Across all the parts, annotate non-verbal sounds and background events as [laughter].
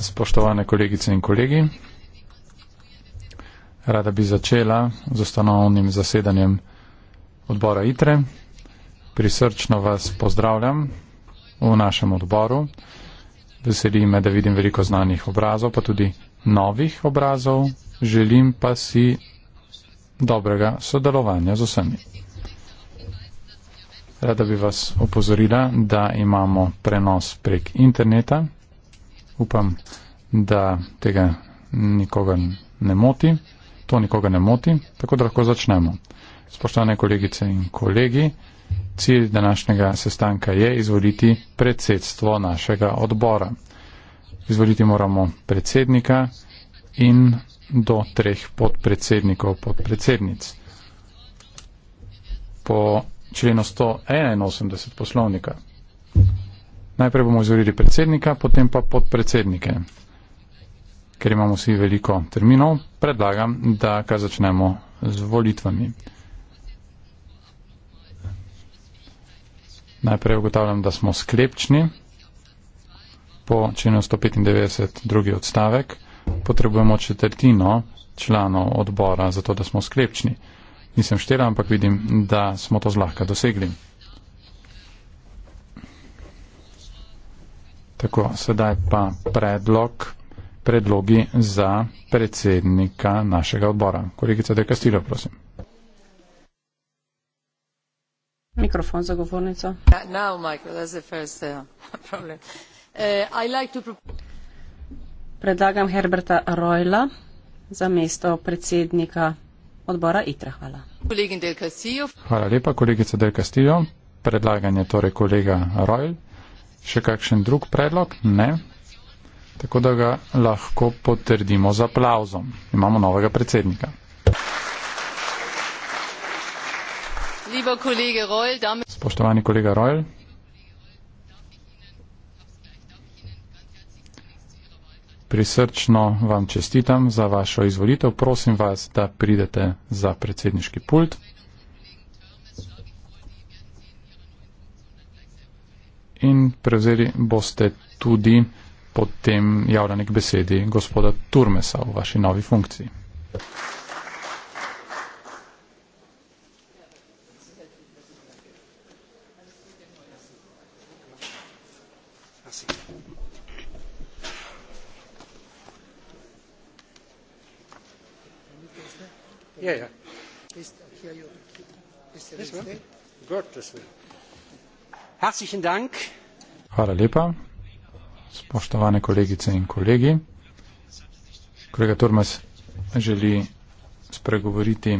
Spoštovane kolegice in kolegi, rada bi začela z ustanovnim zasedanjem odbora ITRE. Prisrčno vas pozdravljam v našem odboru. Veseli me, da vidim veliko znanih obrazov, pa tudi novih obrazov. Želim pa si dobrega sodelovanja z vsemi. Rada bi vas opozorila, da imamo prenos prek interneta. Upam, da tega nikoga ne moti. To nikoga ne moti, tako da lahko začnemo. Spoštovane kolegice in kolegi, cilj današnjega sestanka je izvoliti predsedstvo našega odbora. Izvoliti moramo predsednika in do treh podpredsednikov podpredsednic. Po členu 181 poslovnika. Najprej bomo izvolili predsednika, potem pa podpredsednike. Ker imamo vsi veliko terminov, predlagam, da kar začnemo z volitvami. Najprej ugotavljam, da smo sklepčni. Po členu 195 drugi odstavek potrebujemo četrtino članov odbora, zato da smo sklepčni nisem štela, ampak vidim, da smo to zlahka dosegli. Tako, sedaj pa predlog, predlogi za predsednika našega odbora. Kolegica De Castillo, prosim. Mikrofon za govornico. Uh, now, Michael, that's the first uh, [laughs] problem. Uh, I like to Predlagam Herberta Rojla za mesto predsednika odbora ITRA. Hvala. Hvala lepa, kolegica Del Castillo. Predlaganje torej kolega Royal. Še kakšen drug predlog? Ne. Tako da ga lahko potrdimo z aplauzom. Imamo novega predsednika. Spoštovani kolega Royal. Prisrčno vam čestitam za vašo izvolitev. Prosim vas, da pridete za predsedniški pult. In prevzeli boste tudi potem javljanje k besedi gospoda Turmesa v vaši novi funkciji. Hvala lepa. Spoštovane kolegice in kolegi. Kolega Turmes želi spregovoriti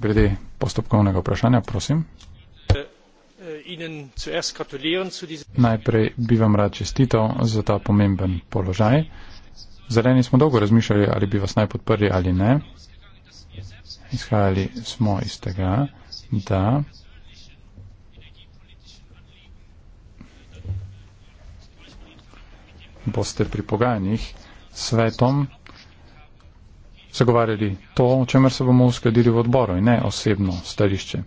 glede postopkovnega vprašanja, prosim. Najprej bi vam rad čestital za ta pomemben položaj. Zeleni smo dolgo razmišljali, ali bi vas naj podprli ali ne. Izhajali smo iz tega, da boste pri pogajanjih svetom zagovarjali to, o čemer se bomo uskladili v odboru in ne osebno stališče.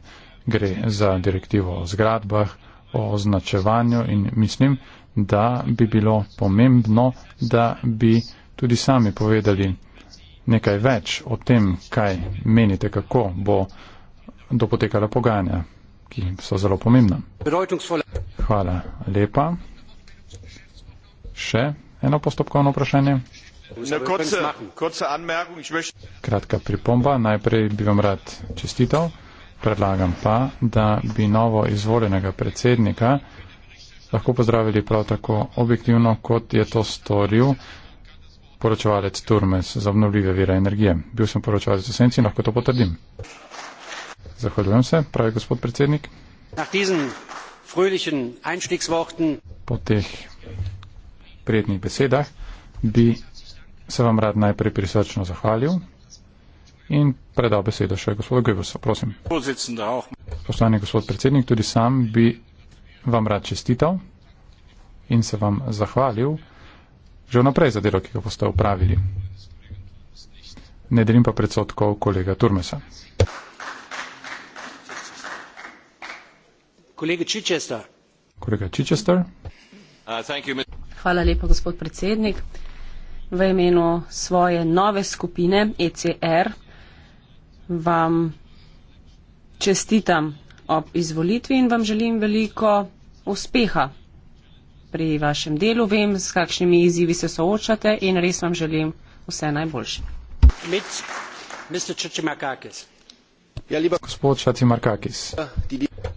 Gre za direktivo o zgradbah, o označevanju in mislim, da bi bilo pomembno, da bi tudi sami povedali nekaj več o tem, kaj menite, kako bo dopotekala pogajanja, ki so zelo pomembna. Hvala lepa. Še eno postopkovno vprašanje. Kratka pripomba. Najprej bi vam rad čestital. Predlagam pa, da bi novo izvoljenega predsednika lahko pozdravili prav tako objektivno, kot je to storil poročevalec Turmes za obnovljive vire energije. Bil sem poročevalec v Senci, lahko to potrdim. Zahvaljujem se, pravi gospod predsednik. Po teh prijetnih besedah, bi se vam rad najprej prisrčno zahvalil in predal besedo še gospodu Gebrusu. Prosim. Poslani gospod predsednik, tudi sam bi vam rad čestital in se vam zahvalil že vnaprej za delo, ki ga boste upravili. Ne delim pa predsotkov kolega Turmesa. Kolega Čičesta. Kolega Čičester. Uh, thank you, Mr. Hvala lepa, gospod predsednik. V imenu svoje nove skupine ECR vam čestitam ob izvolitvi in vam želim veliko uspeha pri vašem delu. Vem, s kakšnimi izzivi se soočate in res vam želim vse najboljše. Ja, gospod Šatimarkakis,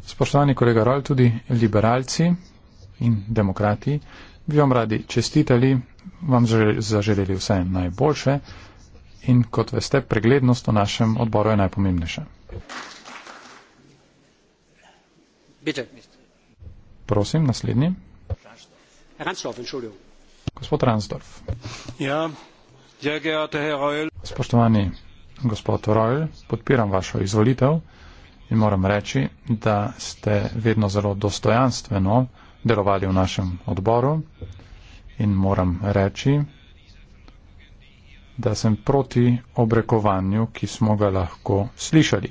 spoštovani kolega Rol, tudi liberalci in demokrati bi vam radi čestitali, vam zaželeli vse najboljše in kot veste, preglednost v našem odboru je najpomembnejša. Prosim, naslednji. Ransdorf, gospod Ransdorf. Ja, Spoštovani gospod Royal, podpiram vašo izvolitev in moram reči, da ste vedno zelo dostojanstveno delovali v našem odboru in moram reči, da sem proti obrekovanju, ki smo ga lahko slišali.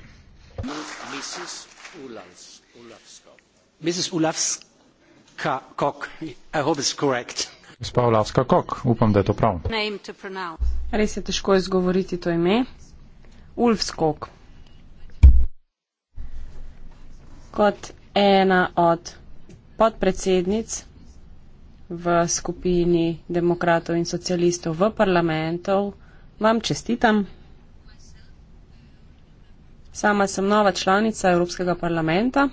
Gospa Ulavska Kok, upam, da je to prav. Res je težko izgovoriti to ime. Ulfskog. Kot ena od podpredsednic v skupini demokratov in socialistov v parlamentu, vam čestitam. Sama sem nova članica Evropskega parlamenta,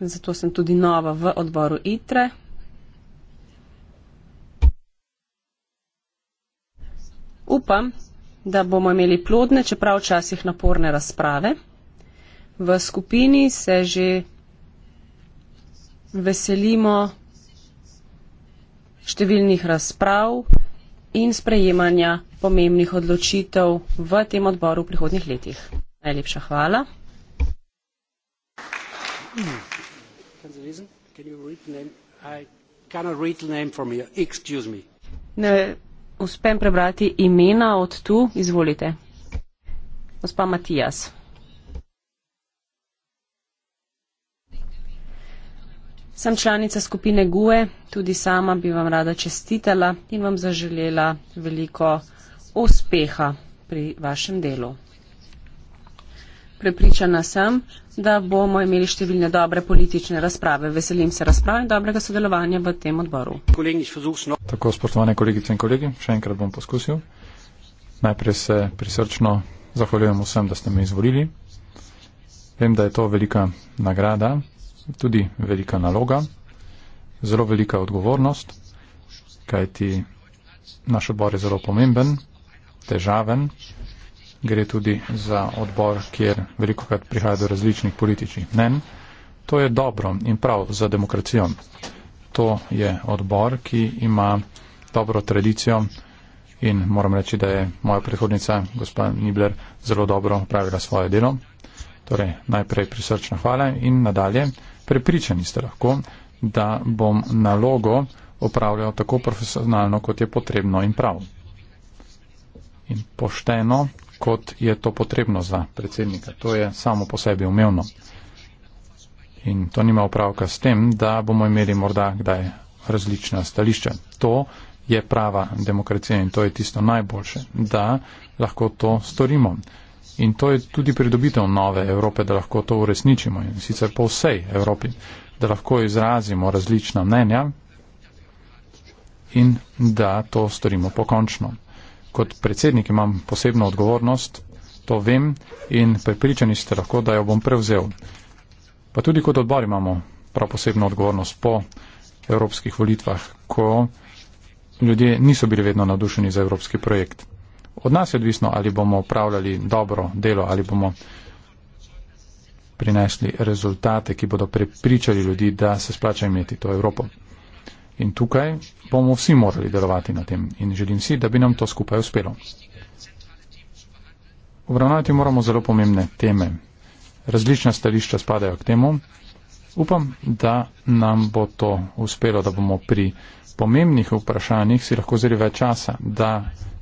zato sem tudi nova v odboru ITRE. Upam, da bomo imeli plodne, čeprav včasih naporne razprave. V skupini se že veselimo številnih razprav in sprejemanja pomembnih odločitev v tem odboru v prihodnjih letih. Najlepša hvala. Ne uspem prebrati imena od tu, izvolite. Gospa Matijas. Sem članica skupine GUE, tudi sama bi vam rada čestitala in vam zaželela veliko uspeha pri vašem delu. Prepričana sem, da bomo imeli številne dobre politične razprave. Veselim se razprave in dobrega sodelovanja v tem odboru. Tako, spoštovane kolegice in kolegi, še enkrat bom poskusil. Najprej se prisrčno zahvaljujem vsem, da ste me izvolili. Vem, da je to velika nagrada, tudi velika naloga, zelo velika odgovornost, kajti naš odbor je zelo pomemben, težaven, gre tudi za odbor, kjer veliko krat prihaja do različnih političnih mnen. To je dobro in prav za demokracijo. To je odbor, ki ima dobro tradicijo in moram reči, da je moja predhodnica, gospa Nibler, zelo dobro pravila svoje delo. Torej, najprej prisrčna hvala in nadalje. Prepričani ste lahko, da bom nalogo opravljal tako profesionalno, kot je potrebno in prav. In pošteno, kot je to potrebno za predsednika. To je samo po sebi umevno. In to nima opravka s tem, da bomo imeli morda kdaj različna stališča. To je prava demokracija in to je tisto najboljše, da lahko to storimo. In to je tudi pridobitev nove Evrope, da lahko to uresničimo in sicer po vsej Evropi, da lahko izrazimo različna mnenja in da to storimo pokončno. Kot predsednik imam posebno odgovornost, to vem in pripričani ste lahko, da jo bom prevzel. Pa tudi kot odbor imamo prav posebno odgovornost po evropskih volitvah, ko ljudje niso bili vedno nadušeni za evropski projekt od nas je odvisno, ali bomo upravljali dobro delo, ali bomo prinesli rezultate, ki bodo prepričali ljudi, da se splača imeti to Evropo. In tukaj bomo vsi morali delovati na tem in želim si, da bi nam to skupaj uspelo. Obravnavati moramo zelo pomembne teme. Različna stališča spadajo k temu, Upam, da nam bo to uspelo, da bomo pri pomembnih vprašanjih si lahko zeli več časa, da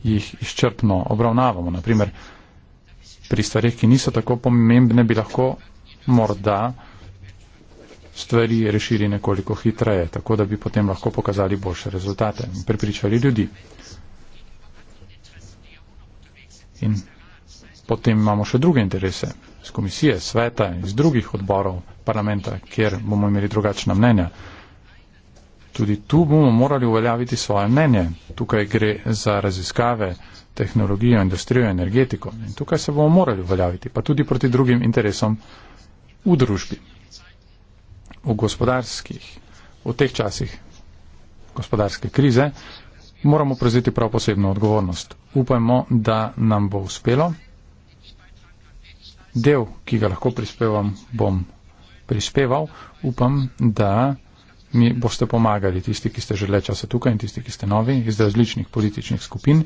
jih izčrpno obravnavamo. Naprimer, pri stvarih, ki niso tako pomembne, bi lahko morda stvari rešili nekoliko hitreje, tako da bi potem lahko pokazali boljše rezultate in pripričali ljudi. In potem imamo še druge interese iz komisije, sveta, iz drugih odborov parlamenta, kjer bomo imeli drugačna mnenja. Tudi tu bomo morali uveljaviti svoje mnenje. Tukaj gre za raziskave, tehnologijo, industrijo, energetiko. In tukaj se bomo morali uveljaviti, pa tudi proti drugim interesom v družbi, v gospodarskih, v teh časih gospodarske krize, moramo prevzeti prav posebno odgovornost. Upajmo, da nam bo uspelo del, ki ga lahko prispevam, bom prispeval. Upam, da mi boste pomagali, tisti, ki ste že le časa tukaj in tisti, ki ste novi iz različnih političnih skupin.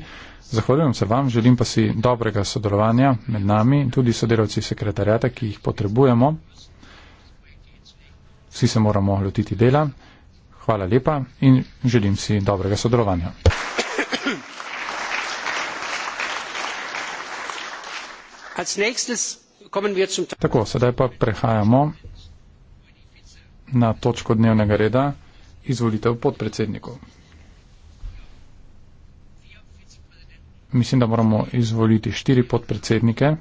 Zahvaljujem se vam, želim pa si dobrega sodelovanja med nami in tudi sodelavci sekretarjata, ki jih potrebujemo. Vsi se moramo lotiti dela. Hvala lepa in želim si dobrega sodelovanja. Als nächstes Tako, sedaj pa prehajamo na točko dnevnega reda izvolitev podpredsednikov. Mislim, da moramo izvoliti štiri podpredsednike.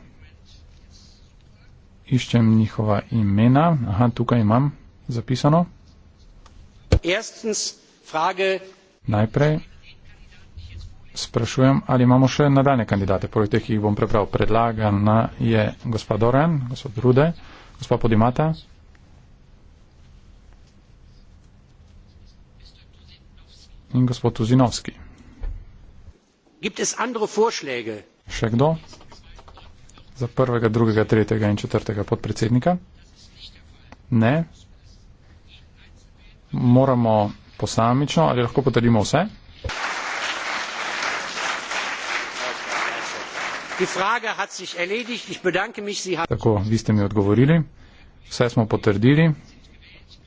Iščem njihova imena. Aha, tukaj imam zapisano. Najprej sprašujem, ali imamo še nadaljne kandidate, poleg teh, ki jih bom prebral. Predlagana je gospa Doren, gospod Rude, gospa Podimata. In gospod Tuzinovski. Gibt es andere Vorschläge? Še kdo? Za prvega, drugega, tretjega in četrtega podpredsednika? Ne. Moramo posamično ali lahko potrdimo vse? Tako, vi ste mi odgovorili, vse smo potrdili,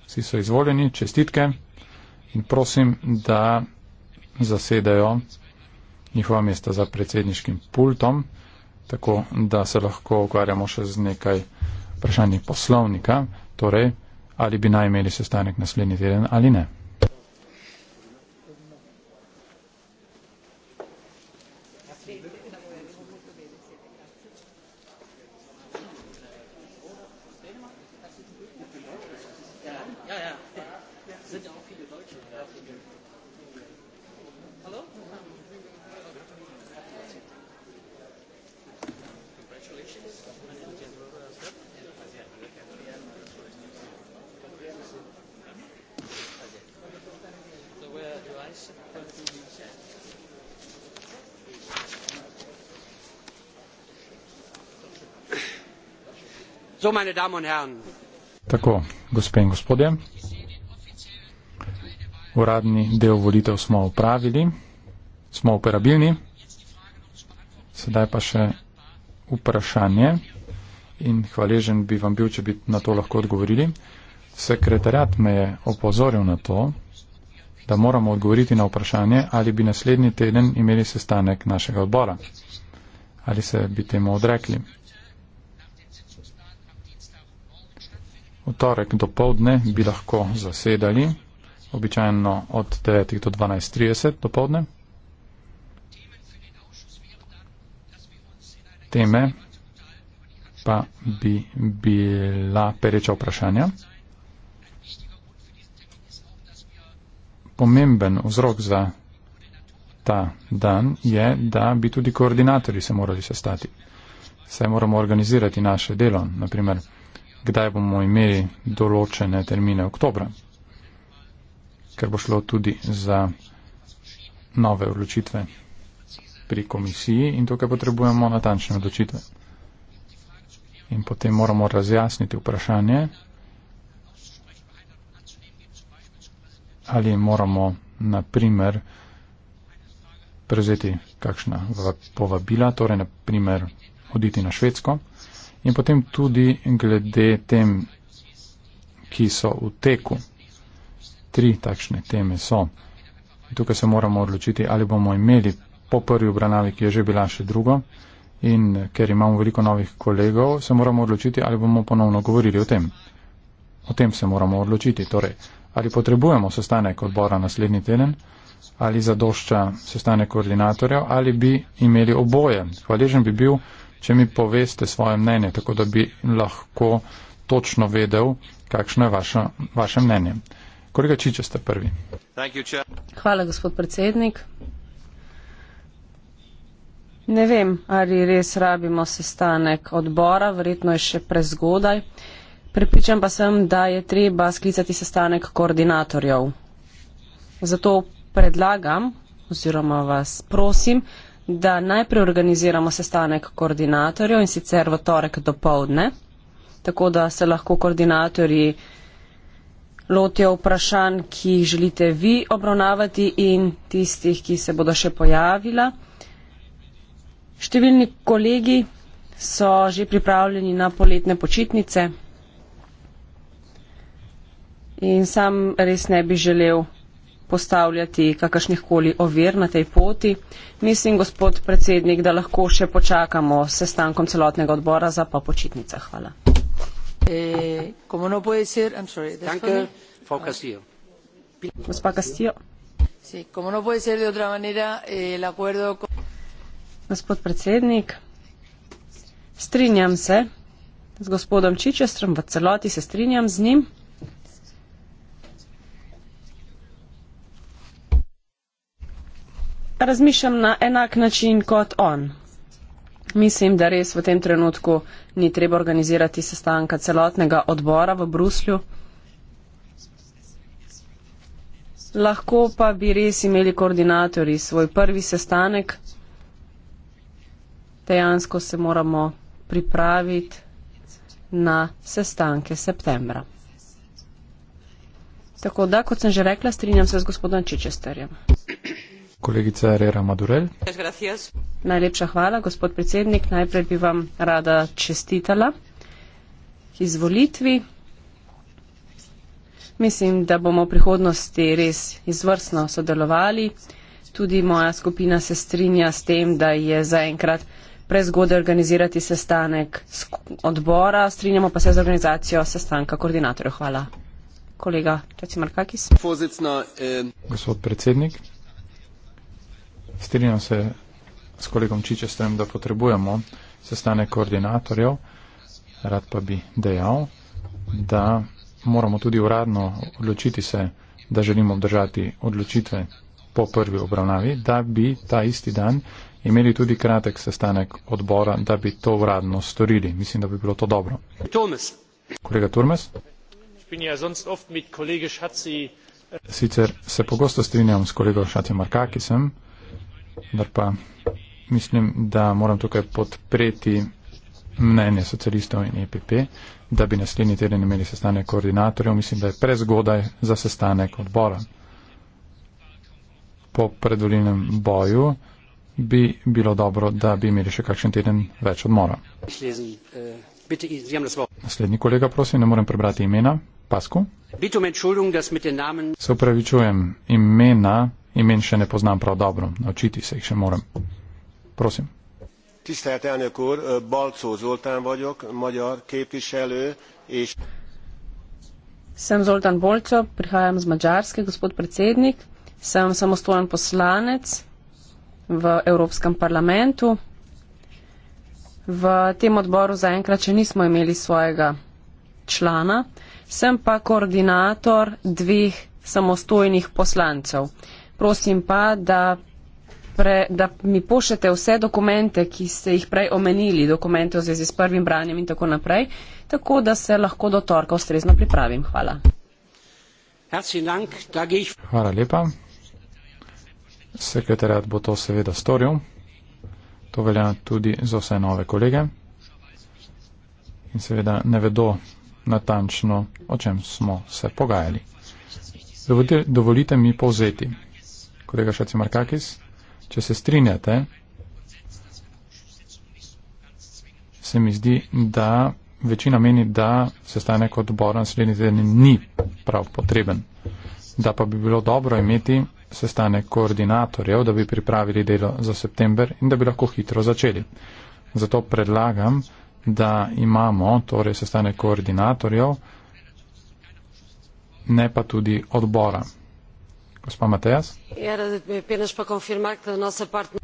vsi so izvoljeni, čestitke in prosim, da zasedajo njihova mesta za predsedniškim pultom, tako da se lahko ukvarjamo še z nekaj vprašanji poslovnika, torej ali bi naj imeli sestanek naslednji teden ali ne. So, meine Damen und Herren. Tako, gospe in gospodje, uradni del volitev smo upravili, smo operabilni, sedaj pa še vprašanje in hvaležen bi vam bil, če bi na to lahko odgovorili. Sekretariat me je opozoril na to, da moramo odgovoriti na vprašanje, ali bi naslednji teden imeli sestanek našega odbora, ali se bi temu odrekli. V torek do povdne bi lahko zasedali, običajno od 9. do 12.30 do povdne. Teme pa bi bila pereča vprašanja. Pomemben vzrok za ta dan je, da bi tudi koordinatorji se morali sestati. Saj moramo organizirati naše delo, naprimer kdaj bomo imeli določene termine oktobra, ker bo šlo tudi za nove odločitve pri komisiji in tukaj potrebujemo natančne odločitve. In potem moramo razjasniti vprašanje, ali moramo na primer prevzeti kakšna povabila, torej na primer oditi na Švedsko in potem tudi glede tem, ki so v teku. Tri takšne teme so. Tukaj se moramo odločiti, ali bomo imeli po prvi obravnavi, ki je že bila še drugo, in ker imamo veliko novih kolegov, se moramo odločiti, ali bomo ponovno govorili o tem. O tem se moramo odločiti. Torej, ali potrebujemo sestanek odbora naslednji teden, ali zadošča sestanek koordinatorjev, ali bi imeli oboje. Hvaležen bi bil, če mi poveste svoje mnenje, tako da bi lahko točno vedel, kakšno je vaše, vaše mnenje. Kolega Čiče ste prvi. Hvala, gospod predsednik. Ne vem, ali res rabimo sestanek odbora, verjetno je še prezgodaj. Pripričam pa sem, da je treba sklicati sestanek koordinatorjev. Zato predlagam oziroma vas prosim, da najprej organiziramo sestanek koordinatorjev in sicer v torek do povdne, tako da se lahko koordinatorji lotijo vprašanj, ki jih želite vi obravnavati in tistih, ki se bodo še pojavila. Številni kolegi so že pripravljeni na poletne počitnice in sam res ne bi želel postavljati kakršnihkoli ovir na tej poti. Mislim, gospod predsednik, da lahko še počakamo s sestankom celotnega odbora za pa počitnica. Hvala. Gospod predsednik, strinjam se z gospodom Čičestrom, v celoti se strinjam z njim. razmišljam na enak način kot on. Mislim, da res v tem trenutku ni treba organizirati sestanka celotnega odbora v Bruslju. Lahko pa bi res imeli koordinatorji svoj prvi sestanek. Dejansko se moramo pripraviti na sestanke septembra. Tako da, kot sem že rekla, strinjam se z gospodom Čičesterjem kolegica Rera Madurel. Najlepša hvala, gospod predsednik. Najprej bi vam rada čestitala izvolitvi. Mislim, da bomo v prihodnosti res izvrstno sodelovali. Tudi moja skupina se strinja s tem, da je zaenkrat prezgodaj organizirati sestanek odbora. Strinjamo pa se z organizacijo sestanka koordinatorjev. Hvala. Kolega Čacimarkakis. Eh, gospod predsednik. Strinjam se s kolegom Čičestrem, da potrebujemo sestane koordinatorjev, rad pa bi dejal, da moramo tudi uradno odločiti se, da želimo obdržati odločitve po prvi obravnavi, da bi ta isti dan imeli tudi kratek sestanek odbora, da bi to uradno storili. Mislim, da bi bilo to dobro. Turmes. Kolega Turmes? Ja Sicer se pogosto strinjam s kolego Šatjem Markakisem, Vendar pa mislim, da moram tukaj podpreti mnenje socialistov in EPP, da bi naslednji teden imeli sestanek koordinatorjev. Mislim, da je prezgodaj za sestanek odbora. Po predvoljenem boju bi bilo dobro, da bi imeli še kakšen teden več odmora. Naslednji kolega, prosim, ne morem prebrati imena. Pasku. Um Se upravičujem, imena imen še ne poznam prav dobro, naučiti se jih še moram. Prosim. Tisztelt elnök úr, Balcó Zoltán vagyok, magyar képviselő, és... Sem Zoltán Bolcsó, prihajam z Magyarske, gospod predsednik, sem samostolan poslanec v Európskam parlamentu. V tem odboru zaenkrat še nismo imeli svojega člana, sem pa koordinator dveh samostojnih poslancev prosim pa, da, pre, da mi pošljete vse dokumente, ki ste jih prej omenili, dokumente v zvezi s prvim branjem in tako naprej, tako da se lahko do torka ustrezno pripravim. Hvala. Hvala lepa. Sekretariat bo to seveda storil. To velja tudi za vse nove kolege. In seveda ne vedo natančno, o čem smo se pogajali. Dovolite mi povzeti kolega Šacimarkakis, če se strinjate, se mi zdi, da večina meni, da sestanek odbora naslednji teden ni prav potreben. Da pa bi bilo dobro imeti sestanek koordinatorjev, da bi pripravili delo za september in da bi lahko hitro začeli. Zato predlagam, da imamo torej sestanek koordinatorjev, ne pa tudi odbora. Gospa Matejas. Ja, da bi apenas pa confirmar que da nossa parte...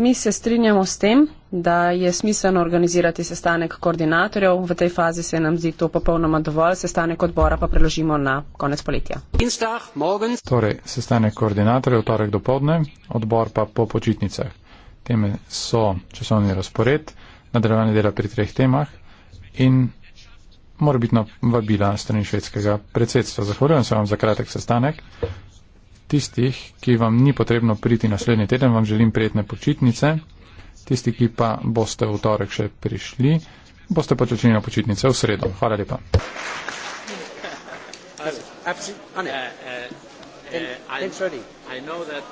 Mi se strinjamo s tem, da je smiselno organizirati sestanek koordinatorjev. V tej fazi se nam zdi to popolnoma dovolj. Sestanek odbora pa preložimo na konec poletja. Dienstag, torej, sestanek koordinatorjev v torek do podne, odbor pa po počitnicah. Teme so časovni razpored, nadaljevanje dela pri treh temah in morbitno vabila strani švedskega predsedstva. Zahvaljujem se vam za kratek sestanek. Tistih, ki vam ni potrebno priti naslednji teden, vam želim prijetne počitnice. Tisti, ki pa boste v torek še prišli, boste pa začeli na počitnice v sredo. Hvala lepa. Uh, uh, uh, uh, I, I